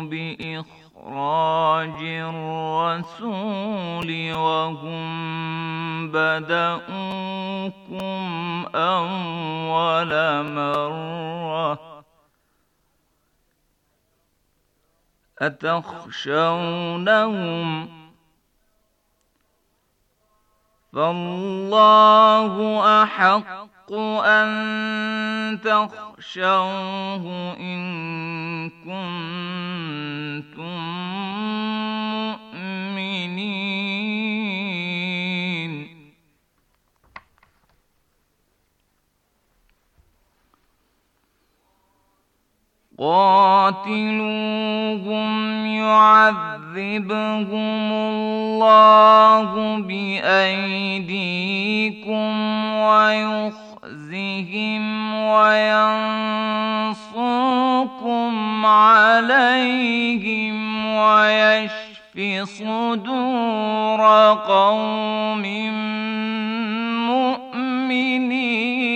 بإخراج الرسول وهم بدأوكم أول مرة أتخشونهم فالله أحق أن تخشوه إن كنتم مؤمنين قاتلوهم يعذبهم الله بأيديكم ويخ يخزهم وينصركم عليهم وَيَشْفِ صدور قوم مؤمنين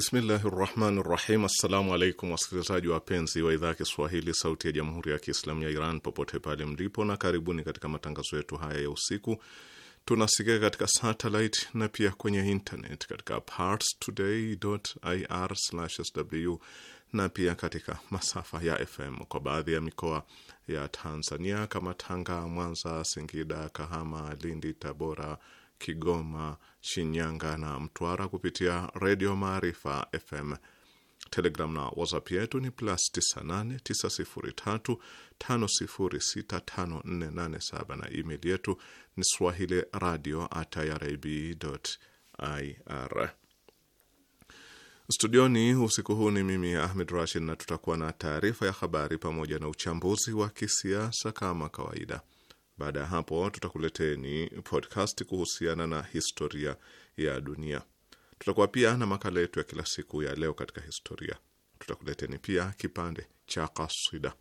Bismillahi rahmani rahim. Assalamu alaikum wasikilizaji wapenzi wa idhaa ya Kiswahili sauti ya jamhuri ya Kiislamu ya Iran popote pale mlipo, na karibuni katika matangazo yetu haya ya usiku. Tunasikika katika satellite na pia kwenye internet katika parstoday.ir/sw na pia katika masafa ya FM kwa baadhi ya mikoa ya Tanzania kama Tanga, Mwanza, Singida, Kahama, Lindi, Tabora Kigoma, Shinyanga na Mtwara kupitia Redio Maarifa FM. Telegram na WhatsApp yetu ni plus 989035065487 na email yetu ni swahili radio at irib ir. Studioni usiku huu ni mimi Ahmed Rashid, na tutakuwa na taarifa ya habari pamoja na uchambuzi wa kisiasa kama kawaida. Baada ya hapo, tutakuleteni podcast kuhusiana na historia ya dunia. Tutakuwa pia na makala yetu ya kila siku ya leo katika historia. Tutakuleteni pia kipande cha kasida.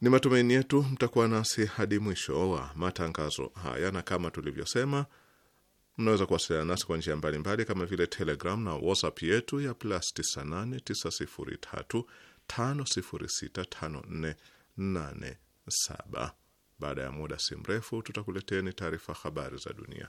Ni matumaini yetu mtakuwa nasi hadi mwisho wa matangazo haya, na kama tulivyosema, mnaweza kuwasiliana nasi kwa njia mbalimbali kama vile Telegram na WhatsApp yetu ya plus 989035065487. Baada ya muda si mrefu, tutakuleteni taarifa habari za dunia.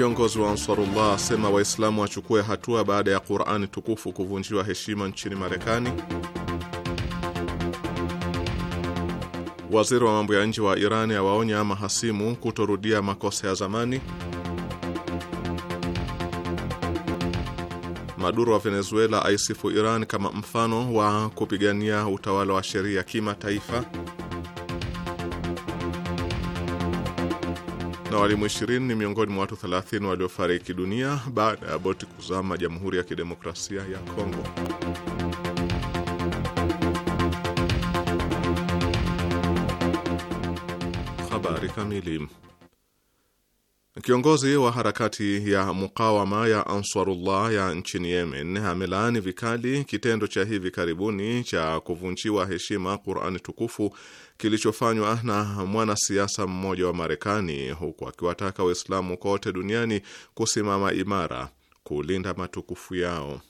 Kiongozi wa Ansarullah asema Waislamu wachukue hatua baada ya Qurani tukufu kuvunjiwa heshima nchini Marekani. Waziri wa mambo ya nje wa Irani awaonya mahasimu kutorudia makosa ya zamani. Maduro wa Venezuela aisifu Iran kama mfano wa kupigania utawala wa sheria kimataifa. na walimu 20 ni miongoni mwa watu 30 waliofariki dunia baada ya boti kuzama Jamhuri ya Kidemokrasia ya Kongo. Habari kamili Kiongozi wa harakati ya mukawama ya Ansarullah ya nchini Yemen amelaani vikali kitendo cha hivi karibuni cha kuvunjiwa heshima Qurani tukufu kilichofanywa na mwanasiasa mmoja wa Marekani, huku akiwataka Waislamu kote duniani kusimama imara kulinda matukufu yao.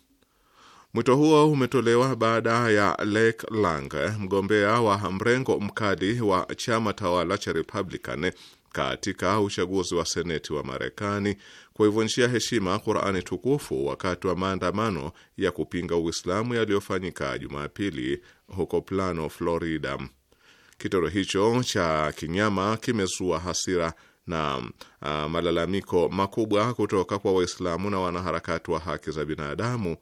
Mwito huo umetolewa baada ya Lake Lang, mgombea wa mrengo mkali wa chama tawala cha Republican katika uchaguzi wa seneti wa Marekani kuivunjia heshima Qurani tukufu wakati wa maandamano ya kupinga Uislamu yaliyofanyika Jumapili huko Plano, Florida. Kitoro hicho cha kinyama kimezua hasira na uh, malalamiko makubwa kutoka kwa Waislamu na wanaharakati wa haki za binadamu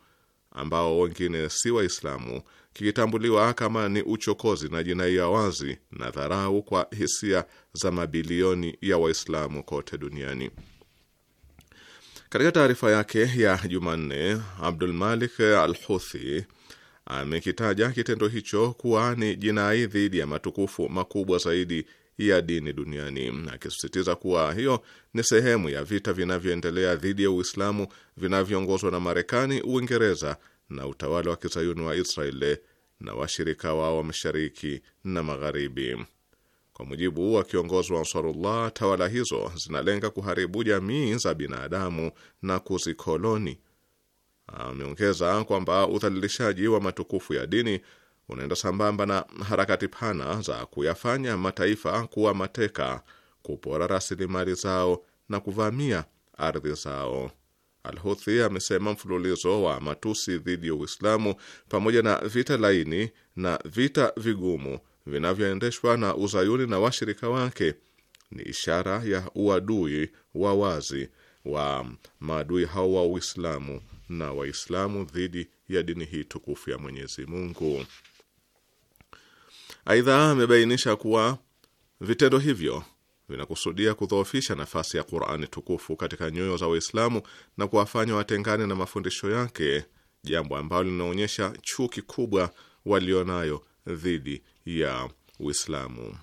ambao wengine si Waislamu kikitambuliwa kama ni uchokozi na jinai ya wazi na dharau kwa hisia za mabilioni ya Waislamu kote duniani. Katika taarifa yake ya Jumanne, Abdul Malik Al Huthi amekitaja kitendo hicho kuwa ni jinai dhidi ya matukufu makubwa zaidi ya dini duniani, akisisitiza kuwa hiyo ni sehemu ya vita vinavyoendelea dhidi ya Uislamu vinavyoongozwa na Marekani, Uingereza na utawala wa kizayuni wa Israeli na washirika wao wa mashariki na magharibi. Kwa mujibu wa kiongozi wa Ansarullah, tawala hizo zinalenga kuharibu jamii za binadamu na kuzikoloni. Ameongeza kwamba udhalilishaji wa matukufu ya dini unaenda sambamba na harakati pana za kuyafanya mataifa kuwa mateka, kupora rasilimali zao na kuvamia ardhi zao alhuthi amesema mfululizo wa matusi dhidi ya Uislamu pamoja na vita laini na vita vigumu vinavyoendeshwa na uzayuni na washirika wake ni ishara ya uadui wa wazi wa maadui hao wa Uislamu na Waislamu dhidi ya dini hii tukufu ya Mwenyezi Mungu. Aidha, amebainisha kuwa vitendo hivyo vinakusudia kudhoofisha nafasi ya Qur'ani tukufu katika nyoyo za Waislamu na kuwafanya watengane na mafundisho yake, jambo ambalo linaonyesha chuki kubwa walionayo dhidi ya Uislamu.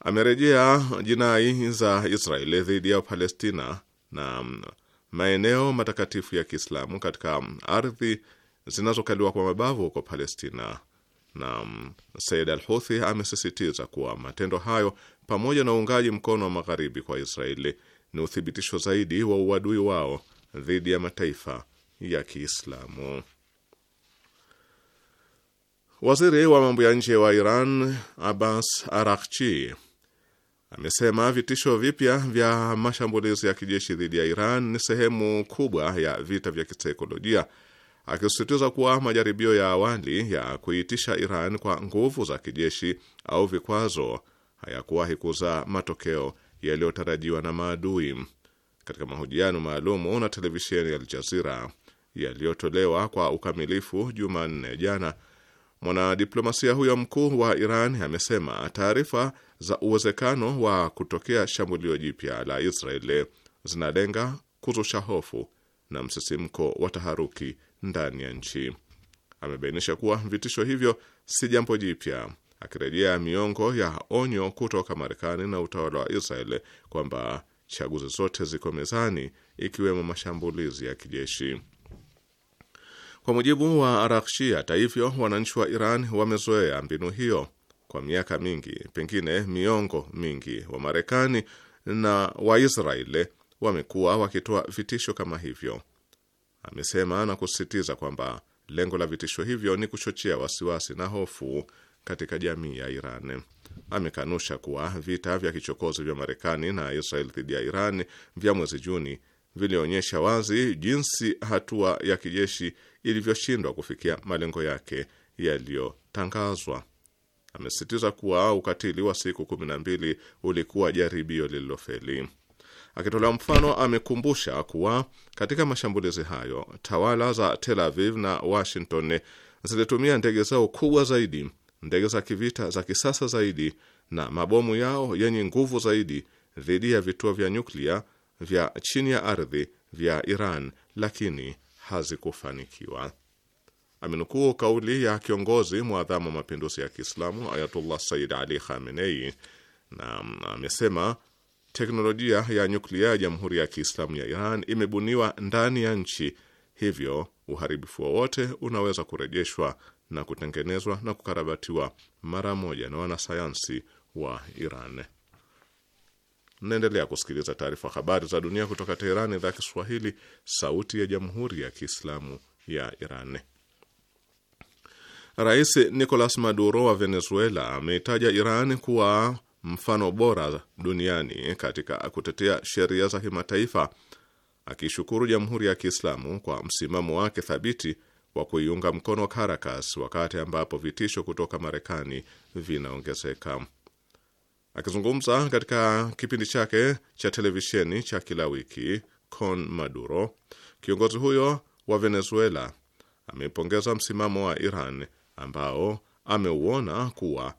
Amerejea jinai za Israeli dhidi ya Palestina na mm, maeneo matakatifu ya Kiislamu katika mm, ardhi zinazokaliwa kwa mabavu huko Palestina na mm, Said al-Houthi amesisitiza kuwa matendo hayo pamoja na uungaji mkono wa magharibi kwa Israeli ni uthibitisho zaidi wa uadui wao dhidi ya mataifa ya Kiislamu. Waziri wa mambo ya nje wa Iran Abbas Araghchi amesema vitisho vipya vya mashambulizi ya kijeshi dhidi ya Iran ni sehemu kubwa ya vita vya kisaikolojia, akisisitiza kuwa majaribio ya awali ya kuitisha Iran kwa nguvu za kijeshi au vikwazo hayakuwahi kuzaa matokeo yaliyotarajiwa na maadui. Katika mahojiano maalumu na televisheni ya Aljazira yaliyotolewa kwa ukamilifu Jumanne jana, mwanadiplomasia huyo mkuu wa Iran amesema taarifa za uwezekano wa kutokea shambulio jipya la Israeli zinalenga kuzusha hofu na msisimko wa taharuki ndani ya nchi. Amebainisha kuwa vitisho hivyo si jambo jipya akirejea miongo ya onyo kutoka Marekani na utawala wa israel kwamba chaguzi zote ziko mezani, ikiwemo mashambulizi ya kijeshi. Kwa mujibu wa Arakshi, hata hivyo, wananchi wa Iran wamezoea mbinu hiyo kwa miaka mingi, pengine miongo mingi. Wa Marekani na Waisraeli wamekuwa wakitoa vitisho kama hivyo, amesema na kusisitiza kwamba lengo la vitisho hivyo ni kuchochea wasiwasi na hofu katika jamii ya Iran. Amekanusha kuwa vita vya kichokozi vya Marekani na Israel dhidi ya Iran vya mwezi Juni vilionyesha wazi jinsi hatua ya kijeshi ilivyoshindwa kufikia malengo yake yaliyotangazwa. Amesisitiza kuwa ukatili wa siku kumi na mbili ulikuwa jaribio lililofeli. Akitolea mfano, amekumbusha kuwa katika mashambulizi hayo tawala za Tel Aviv na Washington zilitumia ndege zao kubwa zaidi ndege za kivita za kisasa zaidi na mabomu yao yenye nguvu zaidi dhidi ya vituo vya nyuklia vya chini ya ardhi vya Iran, lakini hazikufanikiwa. Amenukuu kauli ya kiongozi mwadhamu wa mapinduzi ya Kiislamu Ayatullah Sayyid Ali Khamenei na amesema teknolojia ya nyuklia ya Jamhuri ya Kiislamu ya Iran imebuniwa ndani ya nchi, hivyo uharibifu wowote unaweza kurejeshwa na kutengenezwa na kukarabatiwa mara moja na wanasayansi wa Iran. naendelea kusikiliza taarifa habari za dunia kutoka Teherani, idhaa Kiswahili, sauti ya jamhuri ya kiislamu ya Iran. Rais Nicolas Maduro wa Venezuela ameitaja Iran kuwa mfano bora duniani katika kutetea sheria za kimataifa, akishukuru jamhuri ya kiislamu kwa msimamo wake thabiti wa kuiunga mkono Caracas wakati ambapo vitisho kutoka Marekani vinaongezeka. Akizungumza katika kipindi chake cha televisheni cha kila wiki Con Maduro, kiongozi huyo wa Venezuela amepongeza msimamo wa Iran ambao ameuona kuwa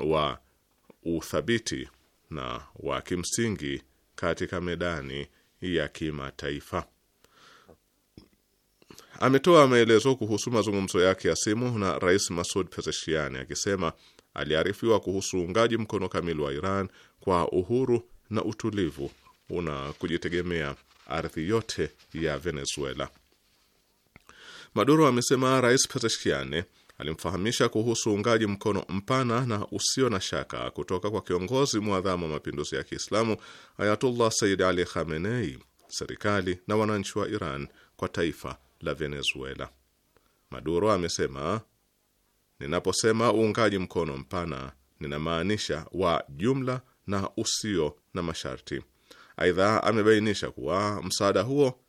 wa uthabiti na wa kimsingi katika medani ya kimataifa ametoa maelezo kuhusu mazungumzo yake ya simu na Rais Masud Pezeshiani akisema aliarifiwa kuhusu uungaji mkono kamili wa Iran kwa uhuru na utulivu una kujitegemea ardhi yote ya Venezuela. Maduro amesema Rais Pezeshiani alimfahamisha kuhusu uungaji mkono mpana na usio na shaka kutoka kwa kiongozi mwadhamu wa mapinduzi ya Kiislamu Ayatullah Sayyid Ali Khamenei, serikali na wananchi wa Iran kwa taifa la Venezuela. Maduro amesema, ninaposema uungaji mkono mpana ninamaanisha wa jumla na usio na masharti. Aidha, amebainisha kuwa msaada huo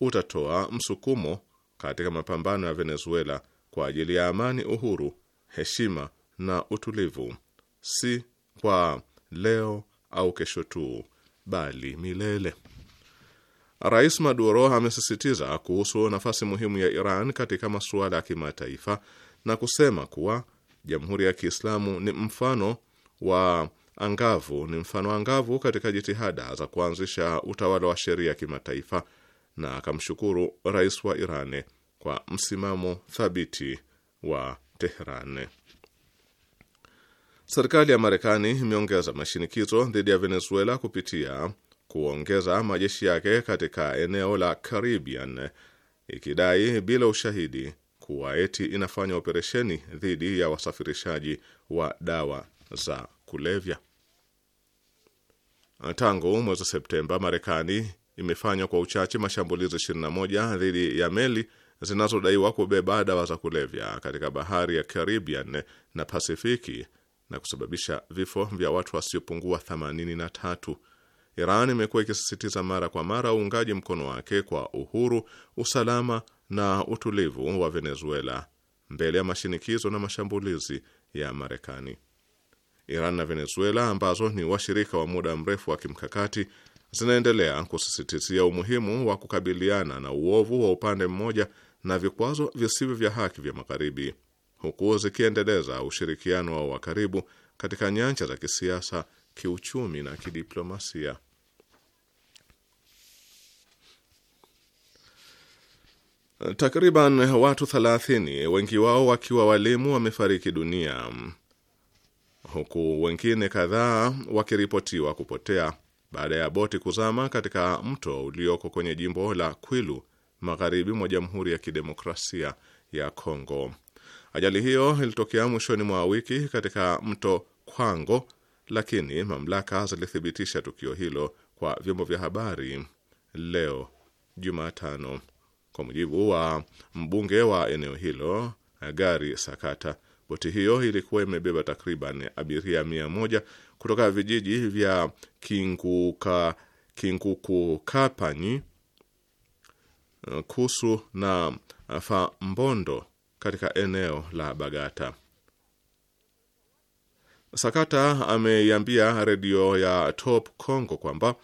utatoa msukumo katika mapambano ya Venezuela kwa ajili ya amani, uhuru, heshima na utulivu, si kwa leo au kesho tu, bali milele. Rais Maduro amesisitiza kuhusu nafasi muhimu ya Iran katika masuala ya kimataifa na kusema kuwa Jamhuri ya Kiislamu ni mfano wa angavu ni mfano angavu katika jitihada za kuanzisha utawala wa sheria kimataifa, na akamshukuru rais wa Iran kwa msimamo thabiti wa Tehran. Serikali ya Marekani imeongeza mashinikizo dhidi ya Venezuela kupitia kuongeza majeshi yake katika eneo la Caribbean ikidai bila ushahidi kuwa eti inafanya operesheni dhidi ya wasafirishaji wa dawa za kulevya. Tangu mwezi Septemba, Marekani imefanya kwa uchache mashambulizi 21 dhidi ya meli zinazodaiwa kubeba dawa za kulevya katika bahari ya Caribbean na Pasifiki na kusababisha vifo vya watu wasiopungua 83. Iran imekuwa ikisisitiza mara kwa mara uungaji mkono wake kwa uhuru, usalama na utulivu wa Venezuela mbele ya mashinikizo na mashambulizi ya Marekani. Iran na Venezuela ambazo ni washirika wa muda mrefu wa kimkakati zinaendelea kusisitizia umuhimu wa kukabiliana na uovu wa upande mmoja na vikwazo visivyo vya haki vya Magharibi, huku zikiendeleza ushirikiano wao wa karibu katika nyanja za kisiasa kiuchumi na kidiplomasia. Takriban watu 30 wengi wao wakiwa walimu wamefariki dunia huku wengine kadhaa wakiripotiwa kupotea baada ya boti kuzama katika mto ulioko kwenye jimbo la Kwilu magharibi mwa Jamhuri ya Kidemokrasia ya Kongo. Ajali hiyo ilitokea mwishoni mwa wiki katika mto Kwango lakini mamlaka zilithibitisha tukio hilo kwa vyombo vya habari leo Jumatano. Kwa mujibu wa mbunge wa eneo hilo Gari Sakata, boti hiyo ilikuwa imebeba takriban abiria mia moja kutoka vijiji vya Kinguka, Kapanyi, Kusu na Fambondo katika eneo la Bagata. Sakata ameiambia redio ya Top Congo kwamba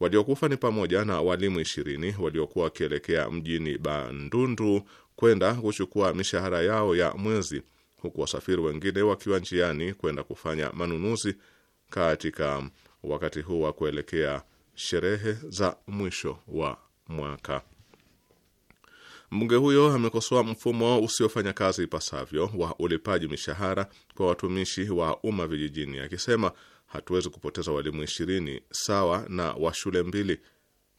waliokufa ni pamoja na walimu ishirini waliokuwa wakielekea mjini Bandundu kwenda kuchukua mishahara yao ya mwezi huku wasafiri wengine wakiwa njiani kwenda kufanya manunuzi katika wakati huu wa kuelekea sherehe za mwisho wa mwaka. Mbunge huyo amekosoa mfumo usiofanya kazi ipasavyo wa ulipaji mishahara kwa watumishi wa umma vijijini, akisema hatuwezi kupoteza walimu ishirini sawa na wa shule mbili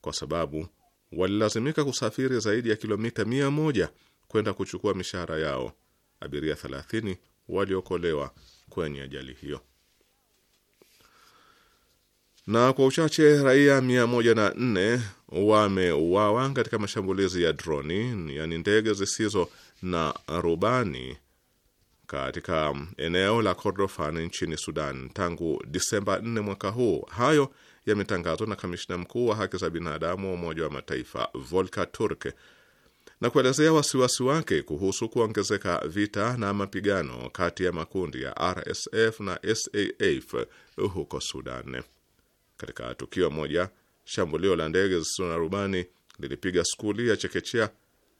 kwa sababu walilazimika kusafiri zaidi ya kilomita mia moja kwenda kuchukua mishahara yao. Abiria thelathini waliokolewa kwenye ajali hiyo na kwa uchache raia 104 wameuawa katika mashambulizi ya droni, yani ndege zisizo na rubani katika eneo la Kordofan nchini Sudan tangu Disemba 4 mwaka huu. Hayo yametangazwa na kamishina mkuu wa haki za binadamu wa Umoja wa Mataifa Volker Turk na kuelezea wasiwasi wake kuhusu kuongezeka vita na mapigano kati ya makundi ya RSF na SAF huko Sudan. Katika tukio moja, shambulio la ndege zisizo na rubani lilipiga skuli ya chekechea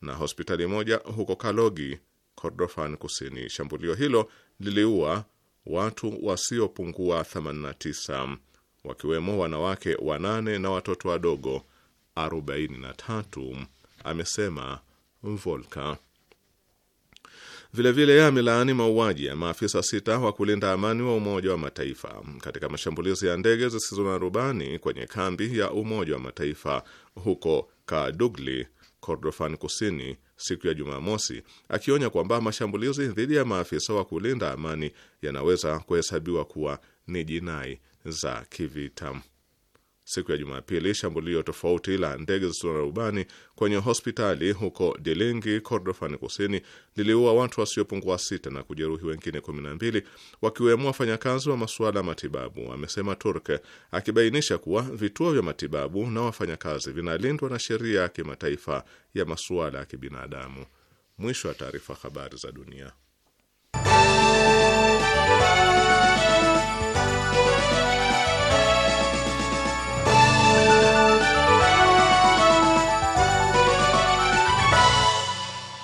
na hospitali moja huko Kalogi, Kordofan Kusini. Shambulio hilo liliua watu wasiopungua 89 wakiwemo wanawake wanane na watoto wadogo 43, amesema Volka. Vilevile amelaani mauaji ya maafisa sita wa kulinda amani wa Umoja wa Mataifa katika mashambulizi ya ndege zisizo na rubani kwenye kambi ya Umoja wa Mataifa huko Kadugli, Kordofan Kusini siku ya Jumamosi, akionya kwamba mashambulizi dhidi ya maafisa wa kulinda amani yanaweza kuhesabiwa kuwa ni jinai za kivita siku ya Jumapili shambulio tofauti la ndege zisizo na rubani kwenye hospitali huko Dilingi, Kordofan Kusini, liliua watu wasiopungua sita na kujeruhi wengine 12 wakiwemo wafanyakazi wa masuala ya matibabu, amesema Turk, akibainisha kuwa vituo vya matibabu na wafanyakazi vinalindwa na sheria ya kimataifa ya masuala ya kibinadamu. Mwisho wa taarifa. Habari za dunia.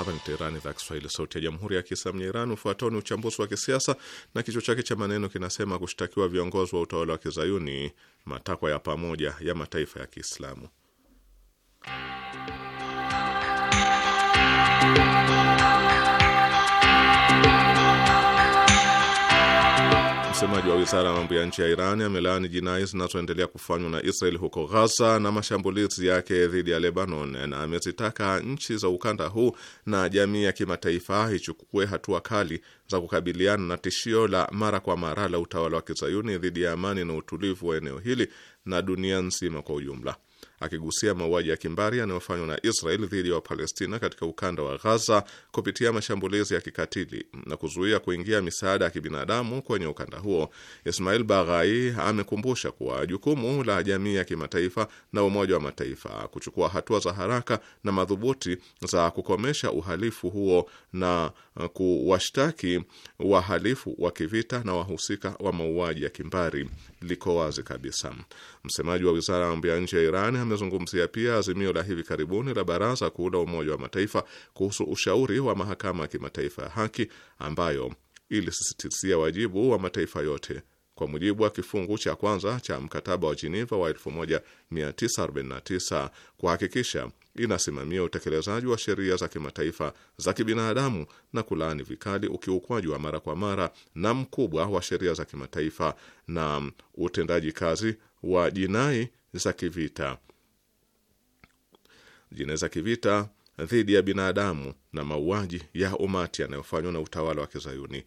Hapa ni Teherani, idhaa ya Kiswahili, sauti ya jamhuri ya kiislamu ya Iran. Ufuatao ni uchambuzi wa kisiasa na kichwa chake cha maneno kinasema: kushtakiwa viongozi wa utawala wa kizayuni, matakwa ya pamoja ya mataifa ya Kiislamu. Msemaji wa wizara ya mambo ya nje ya Iran amelaani jinai zinazoendelea kufanywa na Israel huko Ghaza na mashambulizi yake dhidi ya Lebanon na amezitaka nchi za ukanda huu na jamii ya kimataifa ichukue hatua kali za kukabiliana na tishio la mara kwa mara la utawala wa kizayuni dhidi ya amani na utulivu wa eneo hili na dunia nzima kwa ujumla akigusia mauaji ya kimbari yanayofanywa na Israel dhidi ya Wapalestina katika ukanda wa Ghaza kupitia mashambulizi ya kikatili na kuzuia kuingia misaada ya kibinadamu kwenye ukanda huo. Ismail Baghai amekumbusha kuwa jukumu la jamii ya kimataifa na Umoja wa Mataifa kuchukua hatua za haraka na madhubuti za kukomesha uhalifu huo na Uh, kuwashtaki wahalifu wa kivita na wahusika wa mauaji ya kimbari liko wazi kabisa. Msemaji wa wizara ya mambo ya nje ya Iran amezungumzia pia azimio la hivi karibuni la Baraza Kuu la Umoja wa Mataifa kuhusu ushauri wa mahakama ya kimataifa ya haki ambayo ilisisitizia wajibu wa mataifa yote kwa mujibu wa kifungu cha kwanza cha mkataba wa Geneva wa 1949 kuhakikisha inasimamia utekelezaji wa sheria za kimataifa za kibinadamu na kulaani vikali ukiukwaji wa mara kwa mara na mkubwa wa sheria za kimataifa na mm, utendaji kazi wa jinai za kivita jinai za kivita dhidi ya binadamu na mauaji ya umati yanayofanywa na utawala wa kizayuni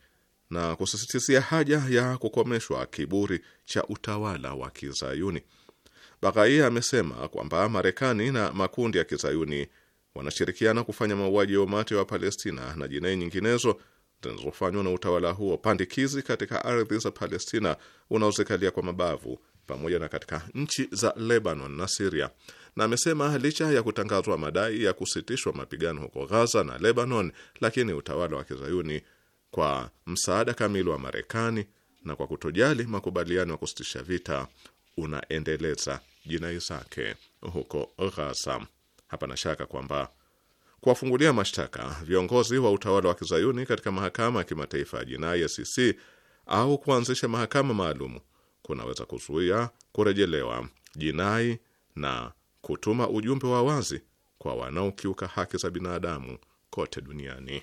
na kusisitizia haja ya kukomeshwa kiburi cha utawala wa kizayuni. Baghai amesema kwamba Marekani na makundi ya kizayuni wanashirikiana kufanya mauaji ya umati wa Palestina na jinai nyinginezo zinazofanywa na utawala huo pandikizi katika ardhi za Palestina unaozikalia kwa mabavu pamoja na katika nchi za Lebanon na Siria. Na amesema licha ya kutangazwa madai ya kusitishwa mapigano huko Ghaza na Lebanon, lakini utawala wa kizayuni kwa msaada kamili wa Marekani na kwa kutojali makubaliano ya kusitisha vita unaendeleza jinai zake huko Ghaza. Hapana shaka kwamba kuwafungulia mashtaka viongozi wa utawala wa kizayuni katika mahakama ya kimataifa ya jinai ICC au kuanzisha mahakama maalum kunaweza kuzuia kurejelewa jinai na kutuma ujumbe wa wazi kwa wanaokiuka haki za binadamu kote duniani.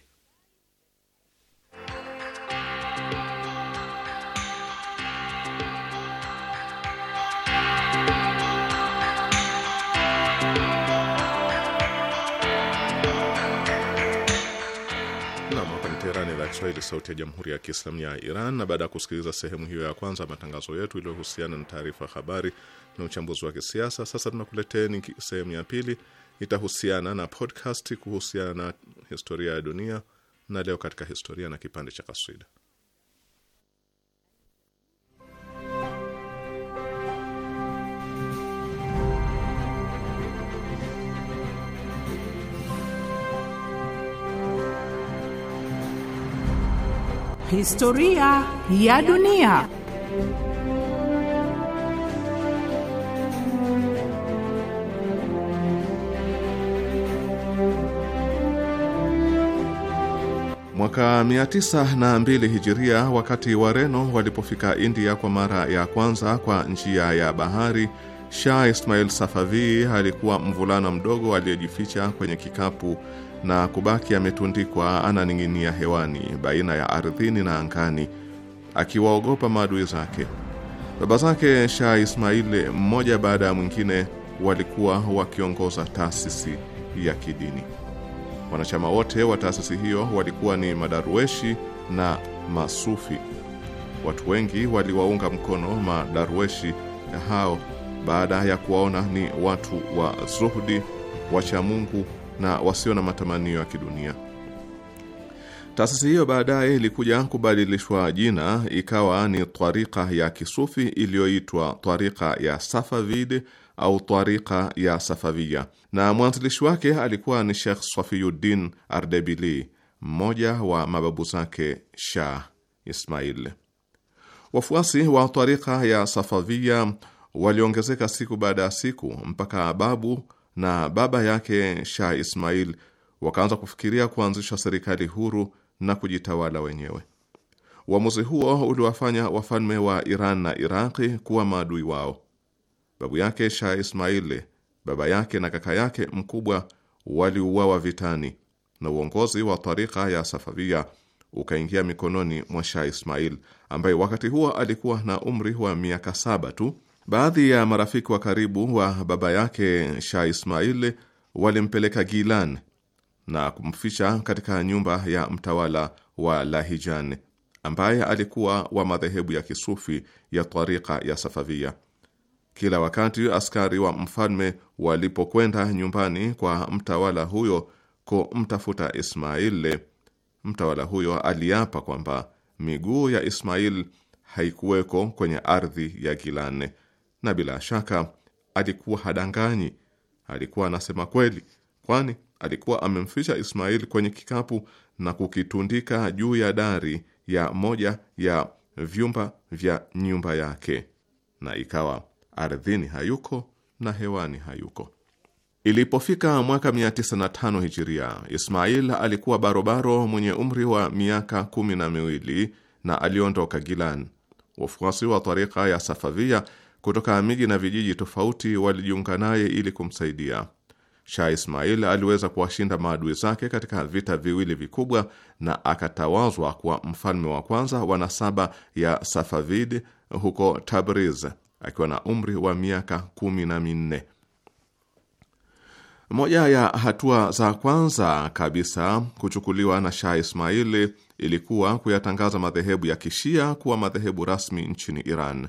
Teherani, idhaa Kiswahili, sauti ya jamhuri ya kiislamu ya Iran. Na baada ya kusikiliza sehemu hiyo ya kwanza ya matangazo yetu iliyohusiana na taarifa habari na uchambuzi wa kisiasa, sasa tunakuleteni sehemu ya pili, itahusiana na podcast kuhusiana na historia ya dunia na leo katika historia na kipande cha kaswida. Historia ya dunia. Mwaka 902 hijiria, wakati Wareno walipofika India kwa mara ya kwanza kwa njia ya bahari, Shah Ismail Safavi alikuwa mvulana mdogo aliyejificha kwenye kikapu na kubaki ametundikwa ananing'inia hewani baina ya ardhini na angani akiwaogopa maadui zake. Baba zake Shah Ismail mmoja baada ya mwingine walikuwa wakiongoza taasisi ya kidini. Wanachama wote wa taasisi hiyo walikuwa ni madarueshi na masufi. Watu wengi waliwaunga mkono madarueshi hao baada ya kuwaona ni watu wa zuhdi, wachamungu na wasio na matamanio ya kidunia. Taasisi hiyo baadaye ilikuja kubadilishwa jina ikawa ni twarika ya kisufi iliyoitwa twarika ya Safavid au twarika ya Safavia, na mwanzilishi wake alikuwa ni Shekh Safiyuddin Ardebili, mmoja wa mababu zake Shah Ismail. Wafuasi wa twarika ya Safavia waliongezeka siku baada ya siku mpaka babu na baba yake Shah Ismail wakaanza kufikiria kuanzisha serikali huru na kujitawala wenyewe. Uamuzi huo uliwafanya wafalme wa Iran na Iraqi kuwa maadui wao. Babu yake Shah Ismail, baba yake na kaka yake mkubwa waliuawa vitani na uongozi wa tarika ya Safavia ukaingia mikononi mwa Shah Ismail ambaye wakati huo alikuwa na umri wa miaka saba tu Baadhi ya marafiki wa karibu wa baba yake Shah Ismail walimpeleka Gilan na kumficha katika nyumba ya mtawala wa Lahijan ambaye alikuwa wa madhehebu ya kisufi ya tariqa ya Safavia. Kila wakati askari wa mfalme walipokwenda nyumbani kwa mtawala huyo kumtafuta Ismail, mtawala huyo aliapa kwamba miguu ya Ismail haikuweko kwenye ardhi ya Gilane na bila shaka alikuwa hadanganyi, alikuwa anasema kweli, kwani alikuwa amemficha Ismail kwenye kikapu na kukitundika juu ya dari ya moja ya vyumba vya nyumba yake, na ikawa ardhini hayuko na hewani hayuko. Ilipofika mwaka 905 hijiria, Ismail alikuwa barobaro mwenye umri wa miaka kumi na miwili na aliondoka Gilan. Wafuasi wa tarika ya Safavia kutoka miji na vijiji tofauti walijiunga naye ili kumsaidia. Shah Ismail aliweza kuwashinda maadui zake katika vita viwili vikubwa na akatawazwa kuwa mfalme wa kwanza wa nasaba ya Safavid huko Tabriz akiwa na umri wa miaka kumi na minne. Moja ya hatua za kwanza kabisa kuchukuliwa na Shah Ismaili ilikuwa kuyatangaza madhehebu ya Kishia kuwa madhehebu rasmi nchini Iran.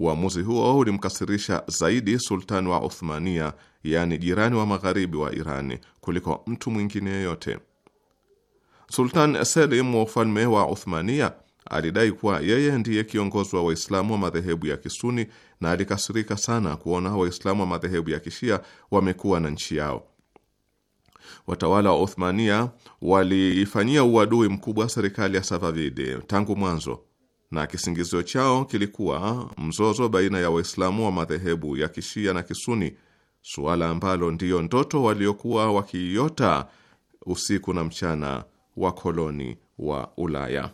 Uamuzi huo ulimkasirisha zaidi sultani wa Uthmania, yaani jirani wa magharibi wa Irani, kuliko mtu mwingine yeyote. Sultan Selim wa ufalme wa Uthmania alidai kuwa yeye ndiye kiongozi wa Waislamu wa madhehebu ya Kisuni na alikasirika sana kuona Waislamu wa madhehebu ya Kishia wamekuwa na nchi yao. Watawala wa Uthmania waliifanyia uadui mkubwa serikali ya Savavidi tangu mwanzo na kisingizio chao kilikuwa mzozo baina ya Waislamu wa madhehebu ya Kishia na Kisuni, suala ambalo ndiyo ndoto waliokuwa wakiiota usiku na mchana wa koloni wa Ulaya.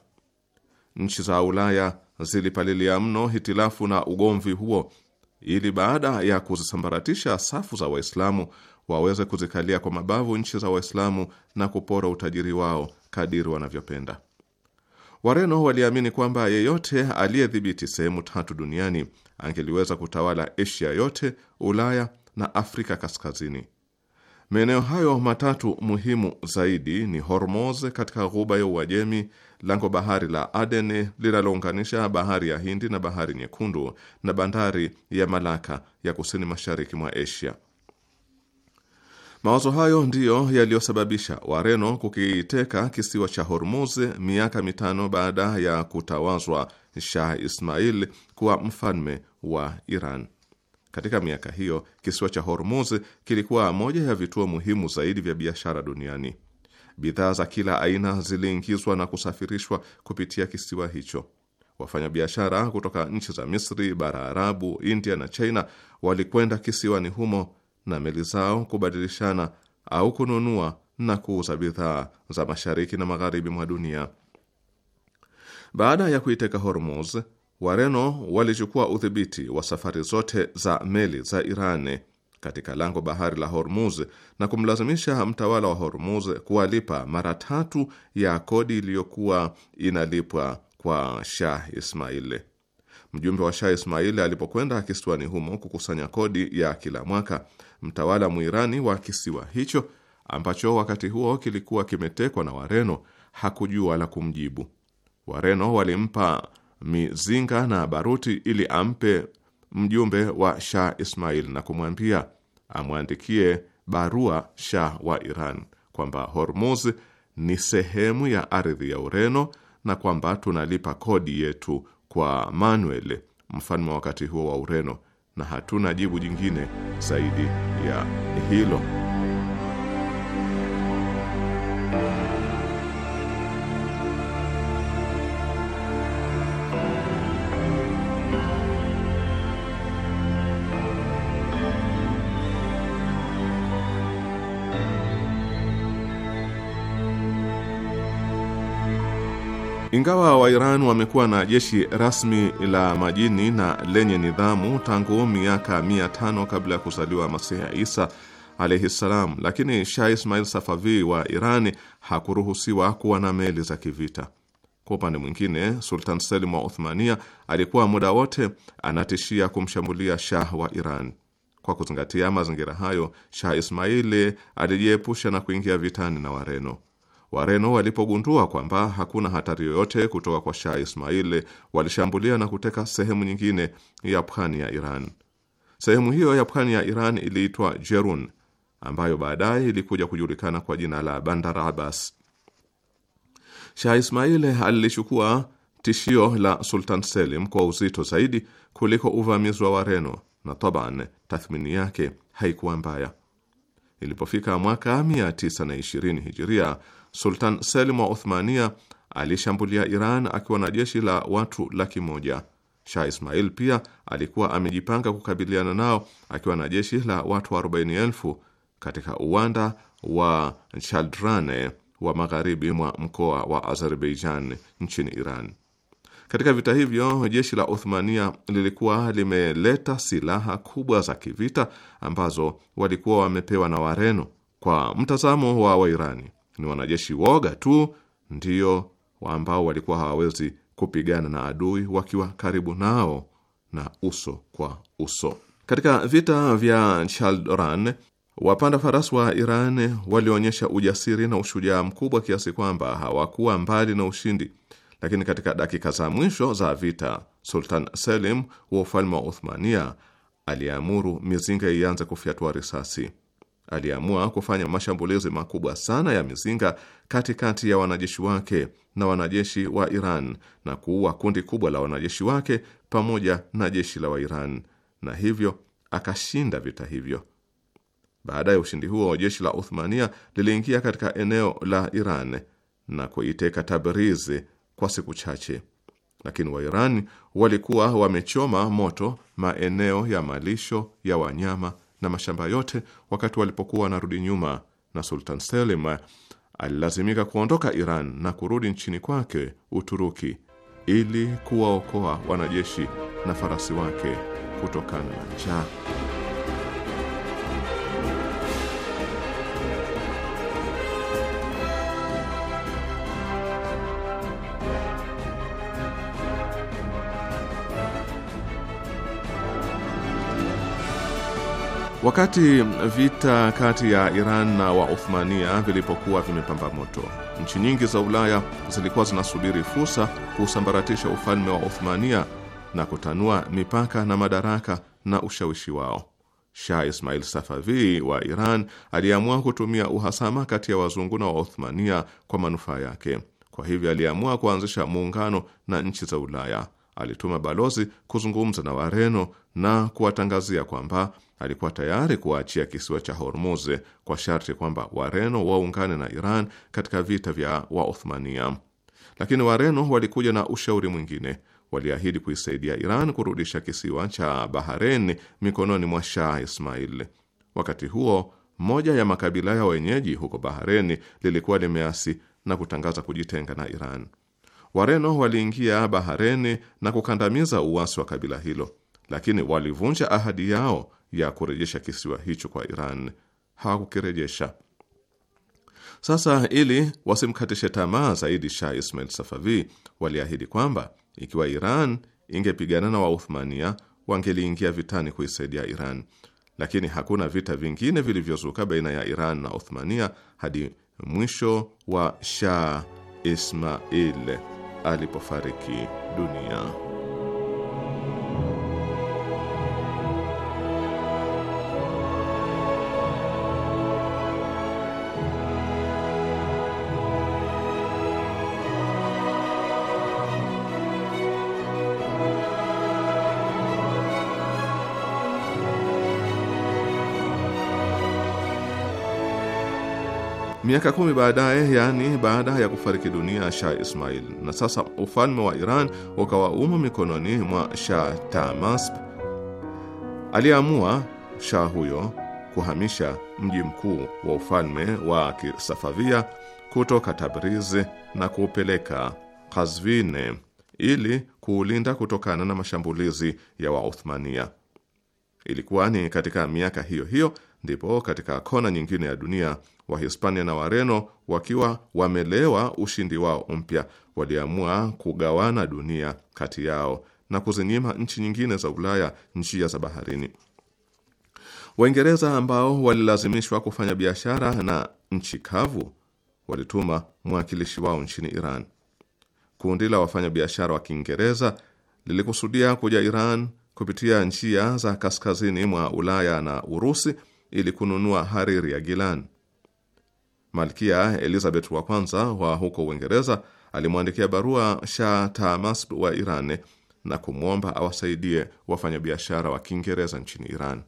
Nchi za Ulaya zilipalilia mno hitilafu na ugomvi huo, ili baada ya kuzisambaratisha safu za Waislamu waweze kuzikalia kwa mabavu nchi za Waislamu na kupora utajiri wao kadiri wanavyopenda. Wareno waliamini kwamba yeyote aliyedhibiti sehemu tatu duniani angeliweza kutawala Asia yote, Ulaya na Afrika Kaskazini. Maeneo hayo matatu muhimu zaidi ni Hormuz katika ghuba ya Uajemi, lango bahari la Aden linalounganisha bahari ya Hindi na bahari Nyekundu, na bandari ya Malaka ya kusini mashariki mwa Asia. Mawazo hayo ndiyo yaliyosababisha Wareno kukiteka kisiwa cha Hormuz miaka mitano baada ya kutawazwa Shah Ismail kuwa mfalme wa Iran. Katika miaka hiyo kisiwa cha Hormuz kilikuwa moja ya vituo muhimu zaidi vya biashara duniani. Bidhaa za kila aina ziliingizwa na kusafirishwa kupitia kisiwa hicho. Wafanyabiashara kutoka nchi za Misri, bara Arabu, India na China walikwenda kisiwani humo na meli zao kubadilishana au kununua na kuuza bidhaa za mashariki na magharibi mwa dunia. Baada ya kuiteka Hormuz, Wareno walichukua udhibiti wa safari zote za meli za iran katika lango bahari la Hormuz na kumlazimisha mtawala wa Hormuz kuwalipa mara tatu ya kodi iliyokuwa inalipwa kwa Shah Ismail. Mjumbe wa Shah Ismail alipokwenda kisiwani humo kukusanya kodi ya kila mwaka, mtawala Mwirani wa kisiwa hicho ambacho wakati huo kilikuwa kimetekwa na Wareno hakujua la kumjibu. Wareno walimpa mizinga na baruti ili ampe mjumbe wa Shah Ismail na kumwambia amwandikie barua Shah wa Iran kwamba Hormuz ni sehemu ya ardhi ya Ureno na kwamba tunalipa kodi yetu kwa Manuel, mfalme wa wakati huo wa Ureno na hatuna jibu jingine zaidi ya hilo. Ingawa Wairan wamekuwa na jeshi rasmi la majini na lenye nidhamu tangu miaka mia tano kabla ya kuzaliwa Masihi ya Isa alaihi ssalam, lakini Shah Ismail Safavi wa Irani hakuruhusiwa kuwa na meli za kivita. Kwa upande mwingine, Sultan Selim wa Uthmania alikuwa muda wote anatishia kumshambulia Shah wa Iran. Kwa kuzingatia mazingira hayo, Shah Ismaili alijiepusha na kuingia vitani na Wareno. Wareno walipogundua kwamba hakuna hatari yoyote kutoka kwa Shah Ismail, walishambulia na kuteka sehemu nyingine ya pwani ya Iran. Sehemu hiyo ya pwani ya Iran iliitwa Jerun, ambayo baadaye ilikuja kujulikana kwa jina la Bandar Abbas. Shah Ismail alilichukua tishio la Sultan Selim kwa uzito zaidi kuliko uvamizi wa Wareno, na taban tathmini yake haikuwa mbaya. Ilipofika mwaka 920 hijiria Sultan Selim wa Uthmania alishambulia Iran akiwa na jeshi la watu laki moja. Shah Ismail pia alikuwa amejipanga kukabiliana nao akiwa na jeshi la watu arobaini elfu katika uwanda wa Chaldrane wa magharibi mwa mkoa wa Azerbaijan nchini Iran. Katika vita hivyo jeshi la Uthmania lilikuwa limeleta silaha kubwa za kivita ambazo walikuwa wamepewa na Wareno. Kwa mtazamo wa Wairani, ni wanajeshi woga tu ndio ambao walikuwa hawawezi kupigana na adui wakiwa karibu nao na uso kwa uso. Katika vita vya Chaldoran, wapanda farasi wa Iran walionyesha ujasiri na ushujaa mkubwa kiasi kwamba hawakuwa mbali na ushindi. Lakini katika dakika za mwisho za vita, Sultan Selim wa ufalme wa Uthmania aliamuru mizinga ianze kufyatua risasi aliamua kufanya mashambulizi makubwa sana ya mizinga katikati ya wanajeshi wake na wanajeshi wa Iran na kuua kundi kubwa la wanajeshi wake pamoja na jeshi la Wairan na hivyo akashinda vita hivyo. Baada ya ushindi huo, jeshi la Uthmania liliingia katika eneo la Iran na kuiteka Tabriz kwa siku chache, lakini wairan walikuwa wamechoma moto maeneo ya malisho ya wanyama na mashamba yote wakati walipokuwa wanarudi nyuma, na Sultan Selim alilazimika kuondoka Iran na kurudi nchini kwake Uturuki ili kuwaokoa wanajeshi na farasi wake kutokana na njaa. Wakati vita kati ya Iran na wauthmania vilipokuwa vimepamba moto, nchi nyingi za Ulaya zilikuwa zinasubiri fursa kuusambaratisha ufalme wa uthmania na kutanua mipaka na madaraka na ushawishi wao. Shah Ismail Safavi wa Iran aliamua kutumia uhasama kati ya wazungu na wauthmania kwa manufaa yake. Kwa hivyo aliamua kuanzisha muungano na nchi za Ulaya. Alituma balozi kuzungumza na Wareno na kuwatangazia kwamba alikuwa tayari kuwaachia kisiwa cha Hormuz kwa sharti kwamba Wareno waungane na Iran katika vita vya Waothmania. Lakini Wareno walikuja na ushauri mwingine. Waliahidi kuisaidia Iran kurudisha kisiwa cha Bahrein mikononi mwa Shah Ismail. Wakati huo moja ya makabila ya wenyeji huko Bahareni lilikuwa limeasi na kutangaza kujitenga na Iran. Wareno waliingia Bahareni na kukandamiza uasi wa kabila hilo, lakini walivunja ahadi yao ya kurejesha kisiwa hicho kwa Iran hawakukirejesha. Sasa, ili wasimkatishe tamaa zaidi Shah Ismail Safavi, waliahidi kwamba ikiwa Iran ingepigana na Wauthmania wangeliingia vitani kuisaidia Iran, lakini hakuna vita vingine vilivyozuka baina ya Iran na Uthmania hadi mwisho wa Shah Ismail alipofariki dunia. Miaka kumi baadaye, yaani baada ya kufariki dunia Shah Ismail, na sasa ufalme wa Iran ukawa umo mikononi mwa Shah tamas aliamua shah huyo kuhamisha mji mkuu wa ufalme wa Kisafavia kutoka Tabriz na kuupeleka Kazvine ili kuulinda kutokana na mashambulizi ya Wauthmania. Ilikuwa ni katika miaka hiyo hiyo ndipo katika kona nyingine ya dunia Wahispania na Wareno wakiwa wamelewa ushindi wao mpya, waliamua kugawana dunia kati yao na kuzinyima nchi nyingine za Ulaya njia za baharini. Waingereza ambao walilazimishwa kufanya biashara na nchi kavu walituma mwakilishi wao nchini Iran. Kundi la wafanyabiashara wa Kiingereza lilikusudia kuja Iran kupitia njia za kaskazini mwa Ulaya na Urusi ili kununua hariri ya Gilan. Malkia Elizabeth wa kwanza wa huko Uingereza alimwandikia barua Shah Tahmasp wa Iran na kumwomba awasaidie wafanyabiashara wa Kiingereza nchini Iran.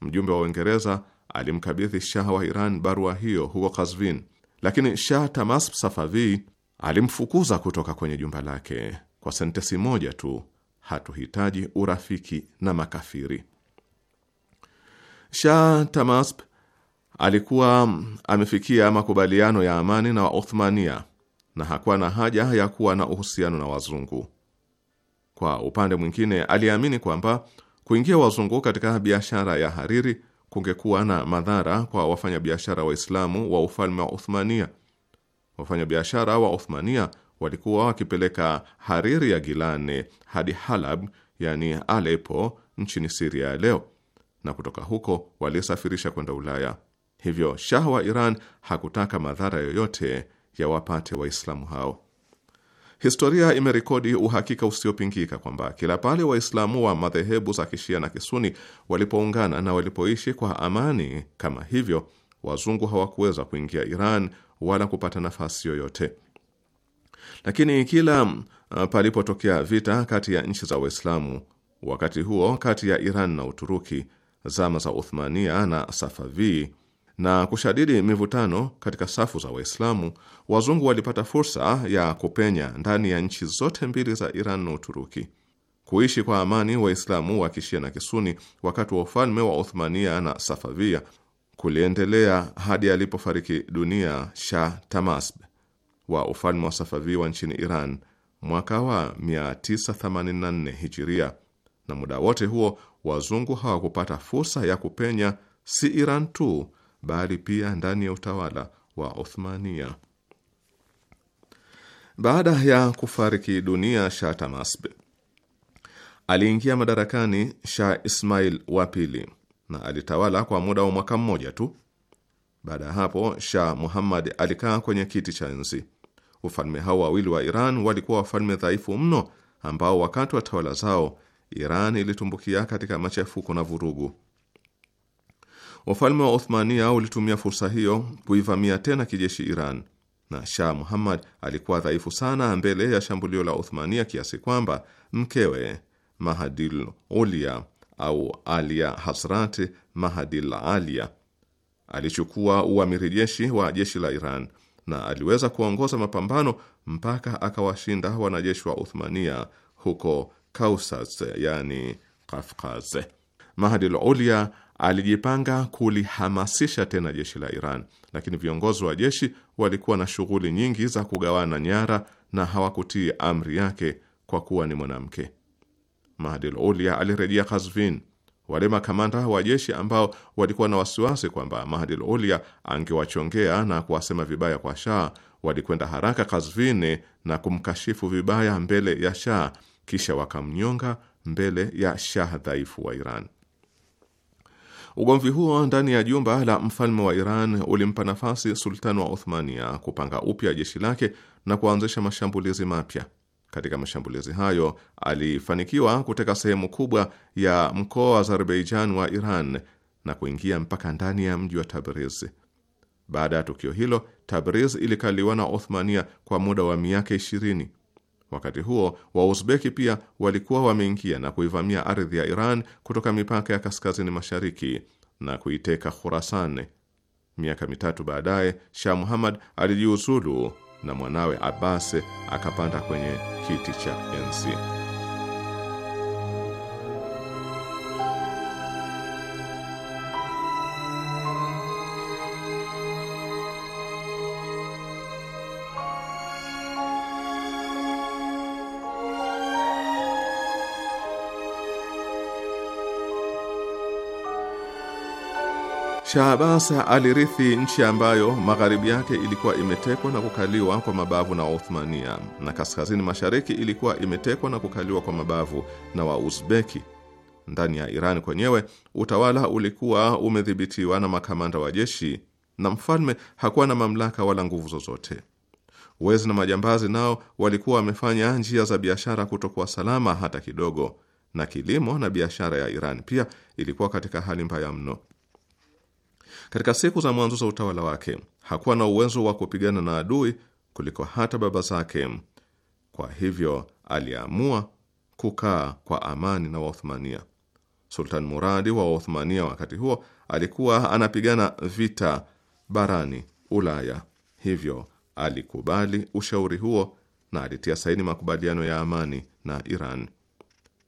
Mjumbe wa Uingereza alimkabidhi Shah wa Iran barua hiyo huko Kazvin, lakini Shah Tahmasp Safavi alimfukuza kutoka kwenye jumba lake kwa sentesi moja tu: hatuhitaji urafiki na makafiri. Shah Tahmasp alikuwa amefikia makubaliano ya amani na Waothmania na hakuwa na haja ya kuwa na uhusiano na wazungu. Kwa upande mwingine, aliamini kwamba kuingia wazungu katika biashara ya hariri kungekuwa na madhara kwa wafanyabiashara Waislamu wa ufalme wa Uthmania. Wafanyabiashara wa Uthmania walikuwa wakipeleka hariri ya Gilane hadi Halab, yani Aleppo, nchini Siria ya leo, na kutoka huko walisafirisha kwenda Ulaya. Hivyo Shah wa Iran hakutaka madhara yoyote yawapate Waislamu hao. Historia imerekodi uhakika usiopingika kwamba kila pale Waislamu wa madhehebu za Kishia na Kisuni walipoungana na walipoishi kwa amani kama hivyo, wazungu hawakuweza kuingia Iran wala kupata nafasi yoyote. Lakini kila uh, palipotokea vita kati ya nchi za Waislamu, wakati huo kati ya Iran na Uturuki, zama za Uthmania na Safavii, na kushadidi mivutano katika safu za Waislamu, wazungu walipata fursa ya kupenya ndani ya nchi zote mbili za Iran na Uturuki. Kuishi kwa amani Waislamu wa Kishia na Kisuni wakati wa ufalme wa Uthmania na Safavia kuliendelea hadi alipofariki dunia Shah Tamasb wa ufalme wa Safaviwa nchini Iran mwaka wa 984 Hijiria, na muda wote huo wazungu hawakupata fursa ya kupenya si Iran tu bali pia ndani ya utawala wa Othmania. Baada ya kufariki dunia Shah Tamasb, aliingia madarakani Shah Ismail wa pili na alitawala kwa muda wa mwaka mmoja tu. Baada ya hapo, Shah Muhammad alikaa kwenye kiti cha enzi. Ufalme hao wawili wa Iran walikuwa wafalme dhaifu mno ambao wakati wa tawala zao Iran ilitumbukia katika machafuko na vurugu. Wafalme wa Uthmania ulitumia fursa hiyo kuivamia tena kijeshi Iran, na Shah Muhammad alikuwa dhaifu sana mbele ya shambulio la Uthmania kiasi kwamba mkewe Mahadil Ulia au Alia Hasrat Mahadil Alia alichukua uamiri jeshi wa jeshi la Iran na aliweza kuongoza mapambano mpaka akawashinda wanajeshi wa Uthmania huko Kausas, yani Kafkaz. Mahadil Ulia alijipanga kulihamasisha tena jeshi la Iran, lakini viongozi wa jeshi walikuwa na shughuli nyingi za kugawana nyara na hawakutii amri yake kwa kuwa ni mwanamke. Mahdil Ulia alirejea Kazvin. Wale makamanda wa jeshi ambao walikuwa na wasiwasi kwamba Mahdil Ulia angewachongea na kuwasema vibaya kwa Shah walikwenda haraka Kazvini na kumkashifu vibaya mbele ya Shah, kisha wakamnyonga mbele ya Shah dhaifu wa Iran. Ugomvi huo ndani ya jumba la mfalme wa Iran ulimpa nafasi sultani wa Uthmania kupanga upya jeshi lake na kuanzisha mashambulizi mapya. Katika mashambulizi hayo alifanikiwa kuteka sehemu kubwa ya mkoa wa Azerbaijan wa Iran na kuingia mpaka ndani ya mji wa Tabriz. Baada ya tukio hilo, Tabriz ilikaliwa na Othmania kwa muda wa miaka ishirini. Wakati huo Wauzbeki pia walikuwa wameingia na kuivamia ardhi ya Iran kutoka mipaka ya kaskazini mashariki na kuiteka Khurasan. Miaka mitatu baadaye, Shah Muhammad alijiuzulu na mwanawe Abbas akapanda kwenye kiti cha enzi. Shahabasa alirithi nchi ambayo magharibi yake ilikuwa imetekwa na kukaliwa kwa mabavu na Wauthmania na kaskazini mashariki ilikuwa imetekwa na kukaliwa kwa mabavu na Wauzbeki. Ndani ya Iran kwenyewe utawala ulikuwa umedhibitiwa na makamanda wa jeshi na mfalme hakuwa na mamlaka wala nguvu zozote. Wezi na majambazi nao walikuwa wamefanya njia za biashara kutokuwa salama hata kidogo, na kilimo na biashara ya Iran pia ilikuwa katika hali mbaya mno. Katika siku za mwanzo za utawala wake hakuwa na uwezo wa kupigana na adui kuliko hata baba zake. Kwa hivyo aliamua kukaa kwa amani na Waothmania. Sultan Muradi wa Waothmania wakati huo alikuwa anapigana vita barani Ulaya, hivyo alikubali ushauri huo na alitia saini makubaliano ya amani na Iran.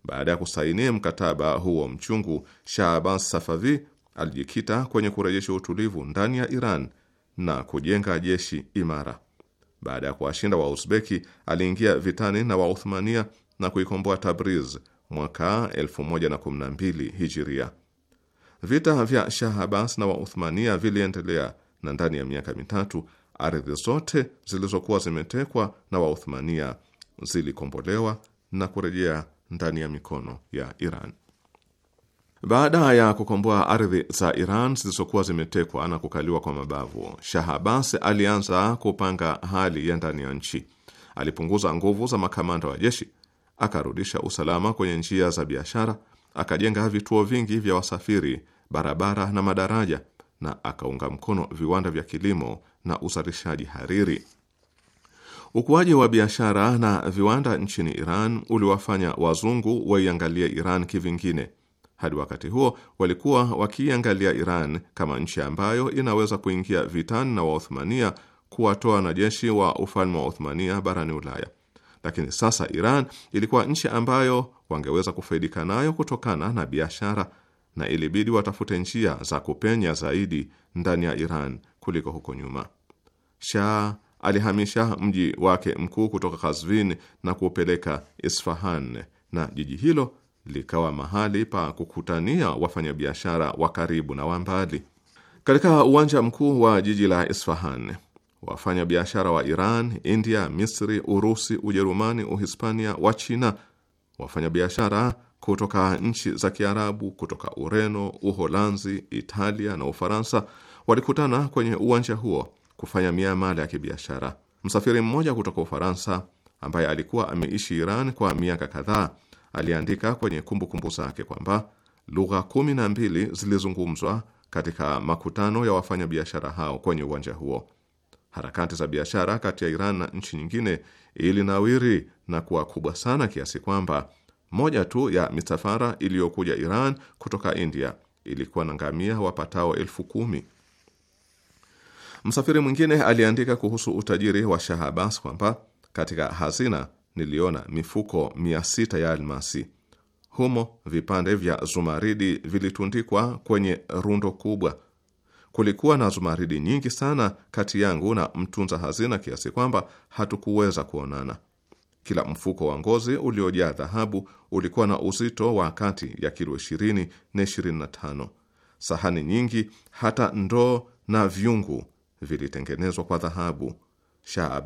Baada ya kusaini mkataba huo mchungu, Shahbaz Safavi alijikita kwenye kurejesha utulivu ndani ya Iran na kujenga jeshi imara. Baada ya kuwashinda Wauzbeki, aliingia vitani na Wauthmania na kuikomboa Tabriz mwaka 1112 Hijiria. Vita vya Shah Abbas na Wauthmania viliendelea na ndani ya miaka mitatu ardhi zote zilizokuwa zimetekwa na Wauthmania zilikombolewa na kurejea ndani ya mikono ya Iran. Baada ya kukomboa ardhi za Iran zilizokuwa zimetekwa na kukaliwa kwa mabavu, Shah Abbas alianza kupanga hali ya ndani ya nchi. Alipunguza nguvu za makamanda wa jeshi, akarudisha usalama kwenye njia za biashara, akajenga vituo vingi vya wasafiri, barabara na madaraja, na akaunga mkono viwanda vya kilimo na uzalishaji hariri. Ukuaji wa biashara na viwanda nchini Iran uliwafanya wazungu waiangalie Iran kivingine. Hadi wakati huo walikuwa wakiiangalia Iran kama nchi ambayo inaweza kuingia vitani na Waothmania kuwatoa jeshi wa ufalme wa Othmania barani Ulaya. Lakini sasa Iran ilikuwa nchi ambayo wangeweza kufaidika nayo kutokana na biashara, na ilibidi watafute njia za kupenya zaidi ndani ya Iran kuliko huko nyuma. Shah alihamisha mji wake mkuu kutoka Kazvin na kuupeleka Isfahan, na jiji hilo likawa mahali pa kukutania wafanyabiashara wa karibu na wa mbali. Katika uwanja mkuu wa jiji la Isfahan, wafanyabiashara wa Iran, India, Misri, Urusi, Ujerumani, Uhispania, wa China, wafanyabiashara kutoka nchi za Kiarabu, kutoka Ureno, Uholanzi, Italia na Ufaransa walikutana kwenye uwanja huo kufanya miamala ya kibiashara. Msafiri mmoja kutoka Ufaransa ambaye alikuwa ameishi Iran kwa miaka kadhaa aliandika kwenye kumbukumbu zake kwamba lugha kumi na mbili zilizungumzwa katika makutano ya wafanyabiashara hao kwenye uwanja huo. Harakati za biashara kati ya Iran na nchi nyingine ilinawiri na kuwa kubwa sana kiasi kwamba moja tu ya misafara iliyokuja Iran kutoka India ilikuwa na ngamia wapatao elfu kumi. Msafiri mwingine aliandika kuhusu utajiri wa Shah Abbas kwamba katika hazina niliona mifuko mia sita ya almasi. Humo vipande vya zumaridi vilitundikwa kwenye rundo kubwa. Kulikuwa na zumaridi nyingi sana kati yangu na mtunza hazina, kiasi kwamba hatukuweza kuonana. Kila mfuko wa ngozi uliojaa dhahabu ulikuwa na uzito wa kati ya kilo ishirini na ishirini na tano. Sahani nyingi, hata ndoo na vyungu vilitengenezwa kwa dhahabu. Shah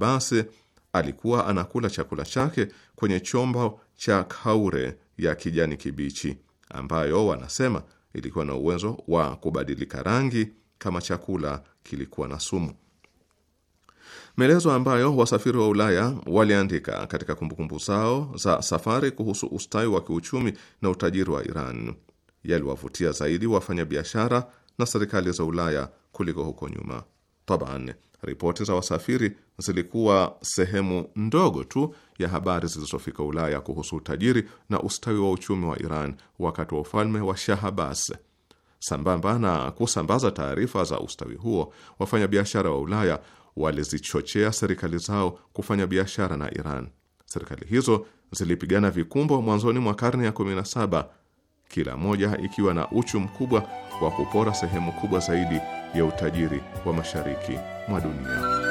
alikuwa anakula chakula chake kwenye chombo cha kaure ya kijani kibichi ambayo wanasema ilikuwa na uwezo wa kubadilika rangi kama chakula kilikuwa na sumu. Maelezo ambayo wasafiri wa Ulaya waliandika katika kumbukumbu zao za safari kuhusu ustawi wa kiuchumi na utajiri wa Iran yaliwavutia zaidi wafanyabiashara na serikali za Ulaya kuliko huko nyuma. Taban, Ripoti za wasafiri zilikuwa sehemu ndogo tu ya habari zilizofika Ulaya kuhusu utajiri na ustawi wa uchumi wa Iran wakati wa ufalme wa Shahabas. Sambamba na kusambaza taarifa za ustawi huo, wafanyabiashara wa Ulaya walizichochea serikali zao kufanya biashara na Iran. Serikali hizo zilipigana vikumbo mwanzoni mwa karne ya 17 kila moja ikiwa na uchu mkubwa wa kupora sehemu kubwa zaidi ya utajiri wa mashariki mwa dunia.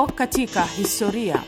Leo katika historia.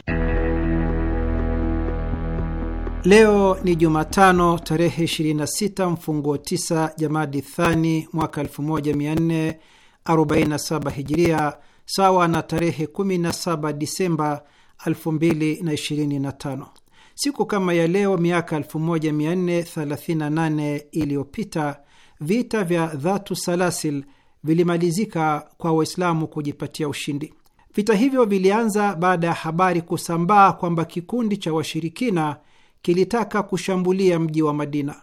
Leo ni Jumatano tarehe 26 mfunguo 9 Jamadi Thani mwaka 1447 Hijiria, sawa na tarehe 17 Disemba 2025. Siku kama ya leo miaka 1438 iliyopita vita vya Dhatu Salasil vilimalizika kwa Waislamu kujipatia ushindi. Vita hivyo vilianza baada ya habari kusambaa kwamba kikundi cha washirikina kilitaka kushambulia mji wa Madina.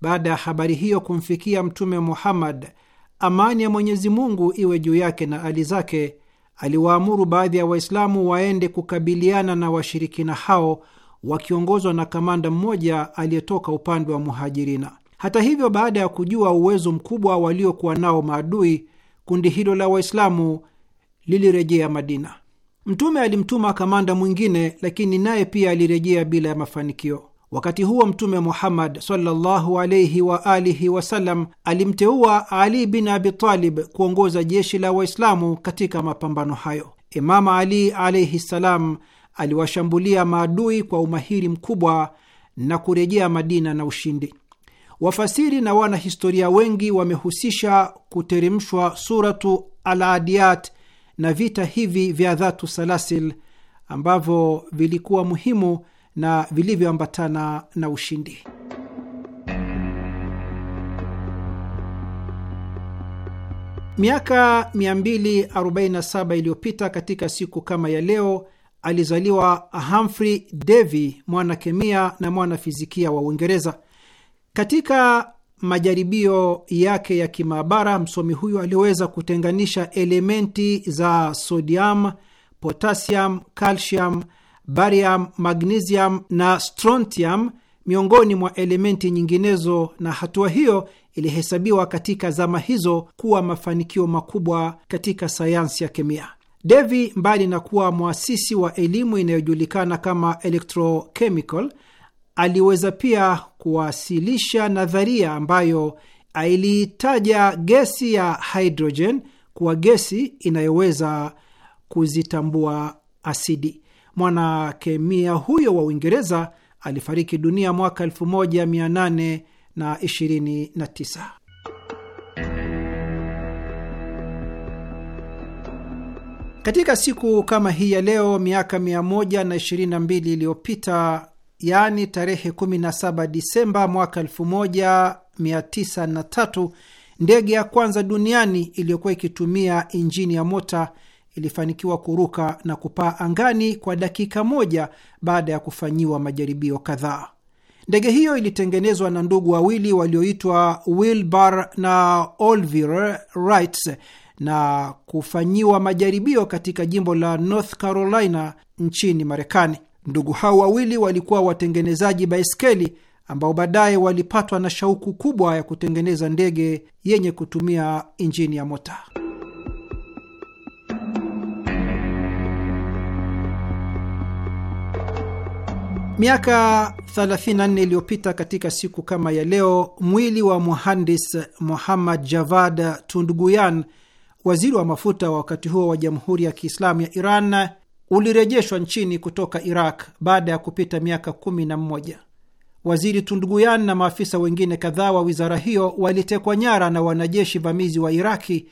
Baada ya habari hiyo kumfikia Mtume Muhammad, amani ya Mwenyezi Mungu iwe juu yake na ali zake, aliwaamuru baadhi ya Waislamu waende kukabiliana na washirikina hao wakiongozwa na kamanda mmoja aliyetoka upande wa Muhajirina. Hata hivyo, baada ya kujua uwezo mkubwa waliokuwa nao maadui, kundi hilo la Waislamu lilirejea Madina. Mtume alimtuma kamanda mwingine, lakini naye pia alirejea bila ya mafanikio. Wakati huo Mtume Muhammad sallallahu wa alihi wasallam alimteua Ali bin Abi Talib kuongoza jeshi la Waislamu katika mapambano hayo. Imamu Ali alaihi ssalam aliwashambulia maadui kwa umahiri mkubwa na kurejea Madina na ushindi. Wafasiri na wanahistoria wengi wamehusisha kuteremshwa Suratu Al Adiyat na vita hivi vya Dhatu Salasil ambavyo vilikuwa muhimu na vilivyoambatana na ushindi. Miaka 247 iliyopita katika siku kama ya leo alizaliwa Humphrey Davy, mwana kemia na mwana fizikia wa Uingereza. Katika majaribio yake ya kimaabara, msomi huyu aliweza kutenganisha elementi za sodium, potassium, calcium, barium, magnesium na strontium miongoni mwa elementi nyinginezo, na hatua hiyo ilihesabiwa katika zama hizo kuwa mafanikio makubwa katika sayansi ya kemia. Devi, mbali na kuwa mwasisi wa elimu inayojulikana kama electrochemical, aliweza pia kuwasilisha nadharia ambayo iliitaja gesi ya hidrojeni kuwa gesi inayoweza kuzitambua asidi. Mwanakemia huyo wa Uingereza alifariki dunia mwaka 1829. Katika siku kama hii ya leo miaka 122 iliyopita yaani tarehe 17 Disemba mwaka 1903 ndege ya kwanza duniani iliyokuwa ikitumia injini ya mota ilifanikiwa kuruka na kupaa angani kwa dakika moja baada ya kufanyiwa majaribio kadhaa. Ndege hiyo ilitengenezwa na ndugu wawili walioitwa Wilbur na Orville Wright na kufanyiwa majaribio katika jimbo la North Carolina nchini Marekani. Ndugu hao wawili walikuwa watengenezaji baiskeli ambao baadaye walipatwa na shauku kubwa ya kutengeneza ndege yenye kutumia injini ya mota. Miaka 34 iliyopita katika siku kama ya leo, mwili wa muhandis Muhammad Javad Tundguyan, waziri wa mafuta wa wakati huo wa Jamhuri ya Kiislamu ya Iran ulirejeshwa nchini kutoka Iraq baada ya kupita miaka kumi na mmoja. Waziri Tunduguyan na maafisa wengine kadhaa wa wizara hiyo walitekwa nyara na wanajeshi vamizi wa Iraki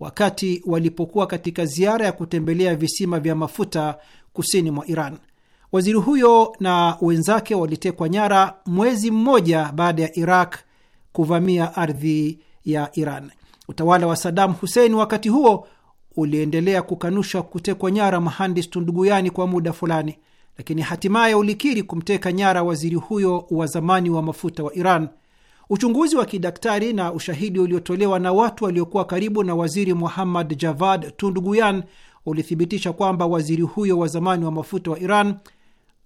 wakati walipokuwa katika ziara ya kutembelea visima vya mafuta kusini mwa Iran. Waziri huyo na wenzake walitekwa nyara mwezi mmoja baada ya Iraq kuvamia ardhi ya Iran. Utawala wa Saddam Hussein wakati huo uliendelea kukanusha kutekwa nyara mhandis Tunduguyani kwa muda fulani, lakini hatimaye ulikiri kumteka nyara waziri huyo wa zamani wa mafuta wa Iran. Uchunguzi wa kidaktari na ushahidi uliotolewa na watu waliokuwa karibu na waziri Muhammad Javad Tunduguyan ulithibitisha kwamba waziri huyo wa zamani wa mafuta wa Iran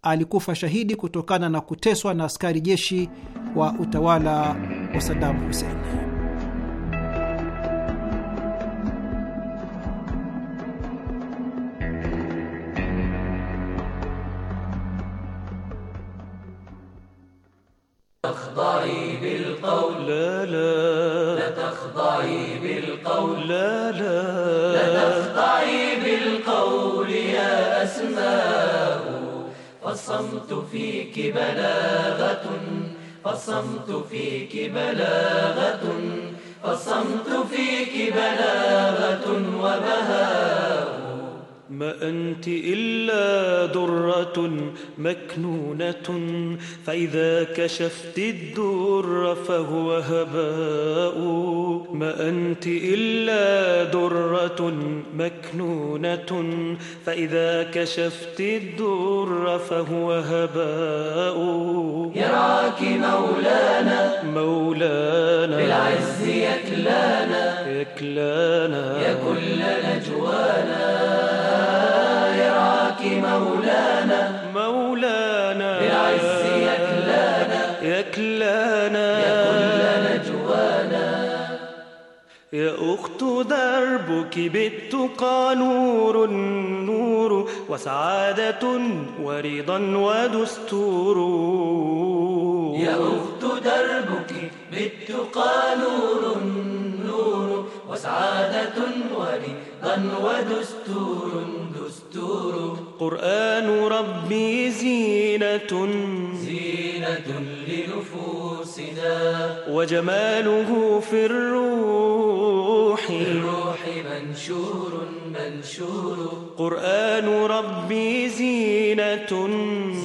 alikufa shahidi kutokana na kuteswa na askari jeshi wa utawala wa Saddam Hussein. تخضعي بالقول لا لا لا تخضعي بالقول لا لا لا تخضعي بالقول يا أسماء فصمت فيك بلاغة فالصمت فيك بلاغة فالصمت فيك بلاغة وبهاء ما أنت إلا درة مكنونة فإذا كشفت الدر فهو هباء ما أنت إلا درة مكنونة فإذا كشفت الدر فهو هباء يراك مولانا مولانا بالعز يكلانا يكلانا يكل نجوانا دربك بالتقى نور النور وسعادة ورضا ودستور يا أخت دربك بالتقى نور النور وسعادة ورضا ودستور دستور الدور قرآن ربي زينة زينة لنفوسنا وجماله في الروح في الروح منشور منشور قرآن ربي زينة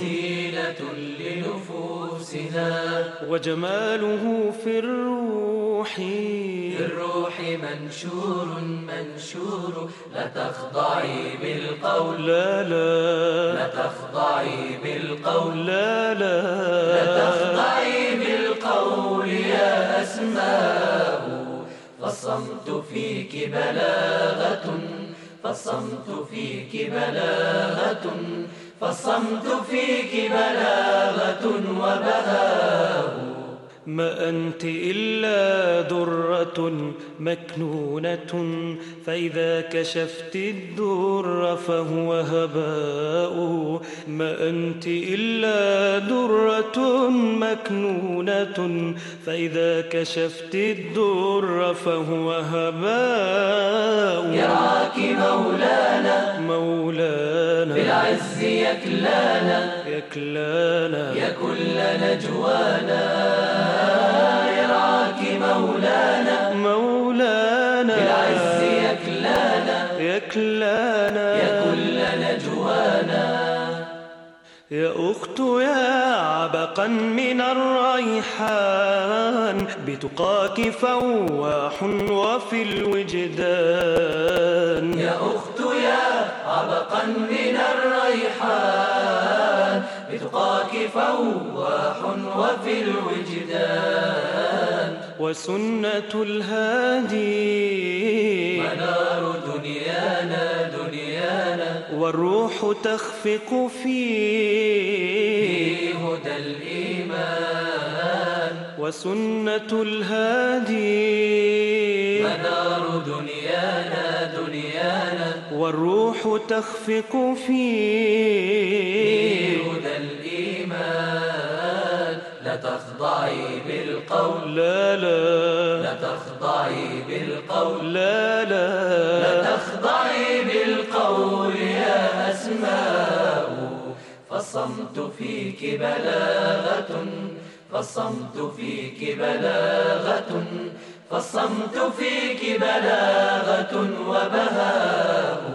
زينة نفوسنا وجماله في الروح في الروح منشور منشور لا تخضعي بالقول لا لا لا تخضعي بالقول لا لا لا تخضعي بالقول يا أسماء فالصمت فيك بلاغة فالصمت فيك بلاغة فالصمت فيك بلاغة وبهاء ما أنت إلا درة مكنونة فإذا كشفت الدر فهو هباء ما أنت إلا درة مكنونة فإذا كشفت الدر فهو هباء يراك مولانا مولانا بالعز يكلانا يكلانا يكن لنا جوانا مولانا بالعز يكلانا يكلانا يا كل نجوانا يا أخت يا عبقا من الريحان بتقاك فواح وفي الوجدان يا أخت يا عبقا من الريحان بتقاك فواح وفي الوجدان وسنة الهادي منار دنيانا دنيانا والروح تخفق فيه هدى الإيمان وسنة الهادي منار دنيانا دنيانا والروح تخفق فيه هدى الإيمان لا تخضعي بالقول لا لا لا تخضعي بالقول لا لا لا تخضعي بالقول يا أسماء فالصمت فيك بلاغة فالصمت فيك بلاغة فصمت فيك بلاغة وبهاء